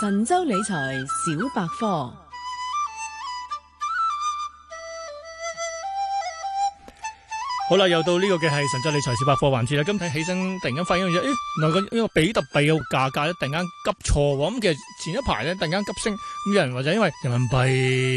神州理財小百科。好啦，又到呢個嘅係神州理財小百科環節啦。今睇起身突然間發現一樣嘢，誒、欸，原來個呢個比特幣嘅價格咧突然間急挫。咁其實前一排咧突然間急升，咁有人話就因為人民幣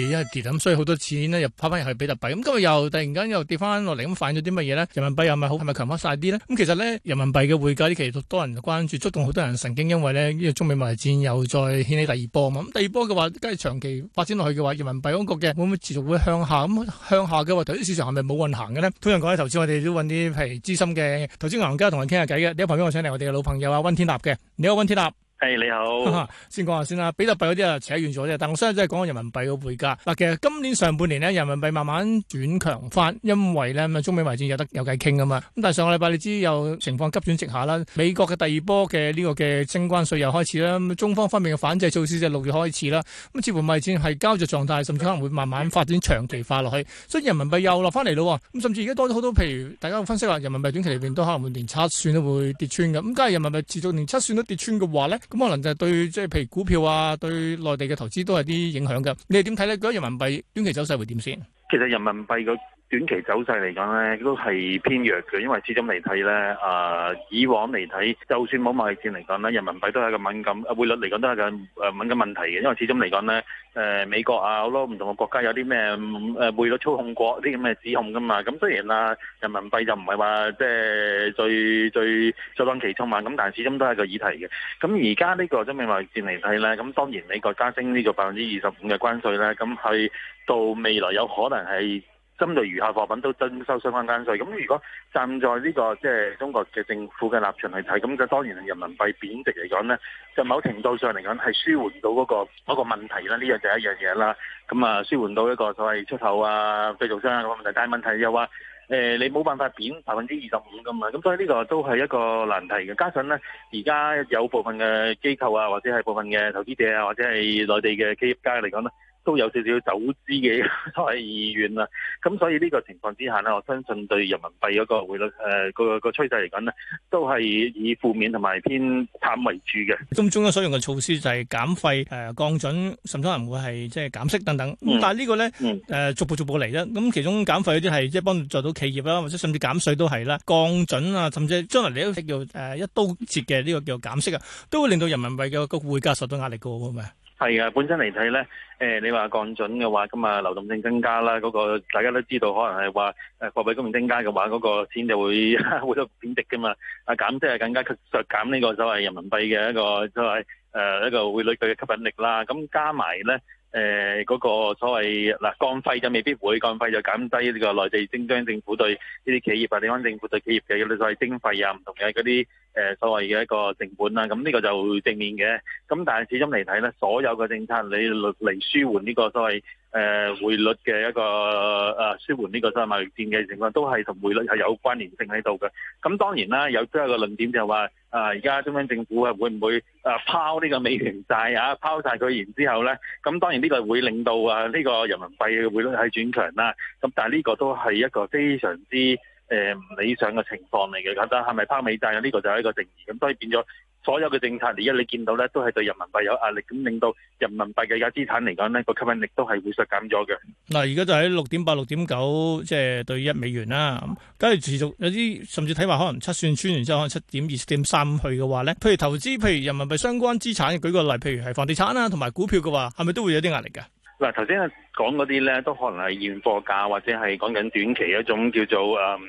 因為跌，咁所以好多錢咧又跑翻入去比特幣。咁今日又突然間又跌翻落嚟，咁反映咗啲乜嘢咧？人民幣又咪好，係咪強翻晒啲咧？咁其實咧，人民幣嘅匯價其實多人關注，觸動好多人神經，因為咧呢個中美貿易戰又再掀起第二波嘛。咁第二波嘅話，跟住長期發展落去嘅話，人民幣嗰個嘅會唔會持續會向下？咁向下嘅話，頭先市場係咪冇運行嘅咧？頭先我哋都揾啲係資深嘅投資銀行家同我哋傾下偈嘅，喺旁邊我請嚟我哋嘅老朋友啊，溫天納嘅，你好，溫天納。誒、hey,，你好，先講下先啦，比特幣嗰啲啊扯遠咗啫。但我相信真係講人民幣個匯價。嗱，其實今年上半年呢人民幣慢慢轉強翻，因為咧中美貿易戰有得有偈傾啊嘛。咁但係上個禮拜你知有情況急轉直下啦，美國嘅第二波嘅呢個嘅徵關稅又開始啦，中方方面嘅反制措施就六月開始啦。咁似乎貿易戰係膠着狀態，甚至可能會慢慢發展長期化落去。所以人民幣又落翻嚟咯，咁甚至而家多咗好多，譬如大家分析話，人民幣短期嚟講都可能連七算都會跌穿嘅。咁假如人民幣持續連七算都跌穿嘅話咧？咁可能就係對即係譬如股票啊，對內地嘅投資都係啲影響㗎。你哋點睇咧？覺得人民幣短期走勢會點先？其實人民幣嘅。短期走勢嚟講咧，都係偏弱嘅，因為始終嚟睇咧，啊、呃、以往嚟睇，就算冇貿易戰嚟講咧，人民幣都係個敏感，匯率嚟講都係個誒敏感問題嘅，因為始終嚟講咧，誒、呃、美國啊好多唔同嘅國家有啲咩誒匯率操控國啲咁嘅指控噶嘛，咁雖然啦，人民幣就唔係話即係最最最當其衝嘛，咁但係始終都係個議題嘅。咁而家呢個即係貿易戰嚟睇咧，咁當然美國加徵呢個百分之二十五嘅關稅咧，咁去到未來有可能係。針對餘下貨品都徵收相關關稅，咁如果站在呢、呢個即係、即係、中國嘅政府嘅立場嚟睇，咁就當然係人民幣貶值嚟講咧，就某程度上嚟講係舒緩到嗰、嗰個某、嗰個問題啦。呢樣就係一樣嘢啦。咁啊，舒緩到一個所謂出口啊、製造商啊嗰個問題，但係問題又話、呃、你冇辦法貶百分之二十五㗎嘛。咁所以呢個都係一個難題嘅。加上咧，而家有部分嘅機構啊，或者係部分嘅投資者啊，或者係內地嘅企業家嚟講咧。都有少少走資嘅都係意願啊，咁所以呢個情況之下呢，我相信對人民幣嗰個匯率誒、呃、個個趨勢嚟講呢，都係以負面同埋偏淡為主嘅。咁中央所用嘅措施就係減費、呃、降準，甚至可能會係即係減息等等。咁但係呢個咧誒逐步逐步嚟啦。咁其中減費嗰啲係即係幫助到企業啦，或者甚至減稅都係啦，降準啊，甚至將來嚟都叫一刀切嘅呢個叫減息啊，都會令到人民幣嘅個匯價受到壓力嘅喎，係咪？係啊，本身嚟睇咧，誒、呃、你話降準嘅話，咁啊流動性增加啦，嗰、那個大家都知道，可能係話誒貨幣供應增加嘅話，嗰、那個錢就會呵呵會有貶值㗎嘛。啊減即係更加削減呢個所謂人民幣嘅一個所謂誒、呃、一個匯率對嘅吸引力啦。咁加埋咧，誒、呃、嗰、那個所謂嗱、呃、降費就未必會，降費就減低呢個內地中央政府對呢啲企業或者地方政府對企業嘅所謂徵費啊唔同嘅嗰啲。誒、呃、所謂嘅一個成本啦，咁呢個就正面嘅。咁但係始終嚟睇咧，所有嘅政策你嚟嚟舒緩呢個所謂誒、呃、匯率嘅一個誒、呃、舒緩呢個所謂貿易戰嘅情況，都係同匯率係有關聯性喺度嘅。咁當然啦，有即有個論點就話誒而家中央政府啊會唔會誒拋呢個美元債啊拋晒佢，然之後咧，咁當然呢個會令到啊呢個人民幣嘅匯率係轉強啦。咁但係呢個都係一個非常之誒、呃，唔理想嘅情況嚟嘅，咁但係咪拋美債啊？呢、呢個就係一個定義，咁所以變咗所有嘅政策，而家你見到咧，都係對人民幣有壓力，咁令到人民幣嘅嘅資產嚟講呢個吸引力都係會縮減咗嘅。嗱，而家就喺六點八、六點九，即係對一美元啦，咁梗係持續有啲甚至睇話可能七算穿、算穿完之後，可能七點二、七點三去嘅話咧，譬如投資，譬如人民幣相關資產，舉個例，譬如係房地產啊，同埋股票嘅話，係咪都會有啲壓力㗎？嗱、啊，頭先講嗰啲咧，都可能係現貨價，或者係講緊短期一種叫做誒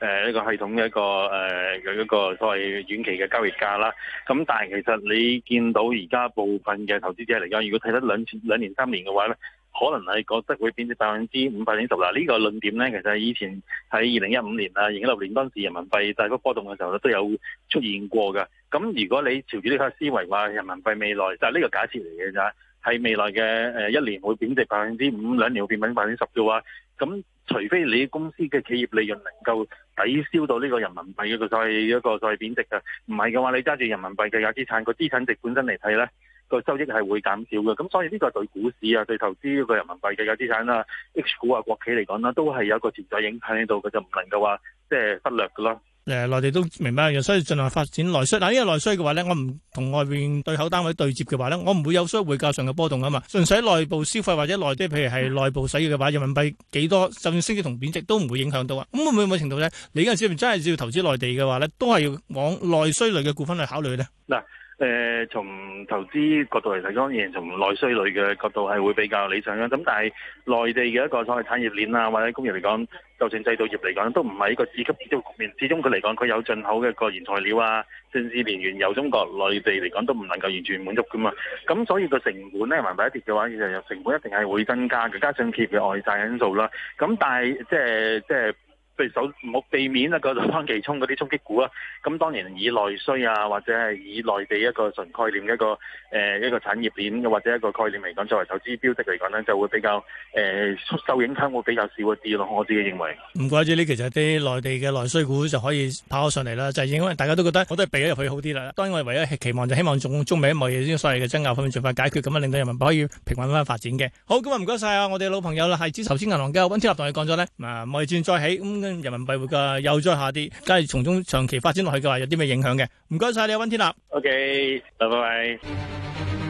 誒呢個系統嘅一個誒有、呃、一個所謂短期嘅交易價啦。咁但係其實你見到而家部分嘅投資者嚟講，如果睇得兩兩年三年嘅話咧，可能係覺得會變成百分之五、百分之十啦。呢、這個論點咧，其實係以前喺二零一五年啊，二零一六年當時人民幣大幅波動嘅時候咧，都有出現過㗎。咁如果你朝住呢個思維話，人民幣未來，就係呢個假設嚟嘅咋。係未來嘅誒一年會貶值百分之五，兩年會貶值百分之，百分之十嘅話，咁除非你公司嘅企業利潤能夠抵消到呢個人民幣嘅所謂一個所謂貶值嘅，唔係嘅話，你揸住人民幣計價資產，個資產值本身嚟睇咧，個收益係會減少嘅。咁所以呢個對股市啊，對投資個人民幣計價資產啦、啊、H 股啊、國企嚟講啦，都係有一個潛在影響喺度，佢就唔能夠話即係忽略㗎咯。誒內地都明白一樣，需要儘量發展內需。但呢個內需嘅話咧，我唔同外邊對口單位對接嘅話咧，我唔會有需要匯價上嘅波動啊嘛。純粹內部消費或者內地，譬如係內部使用嘅話，人民幣幾多，就算升值同貶值都唔會影響到啊。咁會唔會有某程度咧，你嗰陣時真係要投資內地嘅話咧，都係要往內需類嘅股份去考慮咧。嗱、嗯。誒、呃，從投資角度嚟睇，當然從內需類嘅角度係會比較理想啦。咁但係內地嘅一個所謂產業鏈啊，或者工業嚟講，就算製造業嚟講，都唔係一個自給自足局面。始終佢嚟講，佢有進口嘅個原材料啊，甚至連原油，中國內地嚟講都唔能夠完全滿足噶嘛。咁所以個成本咧，環比一跌嘅話，其實成本一定係會增加嘅。加上佢嘅外債因素啦。咁但係即係即係。譬如首冇避免一個當期衝嗰啲衝擊股啊，咁當然以內需啊，或者係以內地一個純概念一個誒、呃、一個產業鏈或者一個概念嚟講作為投資標的嚟講咧，就會比較誒受、呃、影響會比較少一啲咯。我自己認為唔怪之，呢其實啲內地嘅內需股就可以跑咗上嚟啦，就係、是、因為大家都覺得我都係避咗入去好啲啦。當然我哋唯一期望就希望中中美貿易啲所謂嘅爭拗可以儘快解決，咁啊令到人民幣可以平穩翻發展嘅。好咁啊，唔該晒啊，我哋老朋友啦，係指投資銀行嘅溫天納同你講咗咧，嗱、嗯，未轉再起、嗯人民幣匯價又再下跌，梗係從中長期發展落去嘅話，有啲咩影響嘅？唔該晒你，啊，溫天納。OK，拜拜。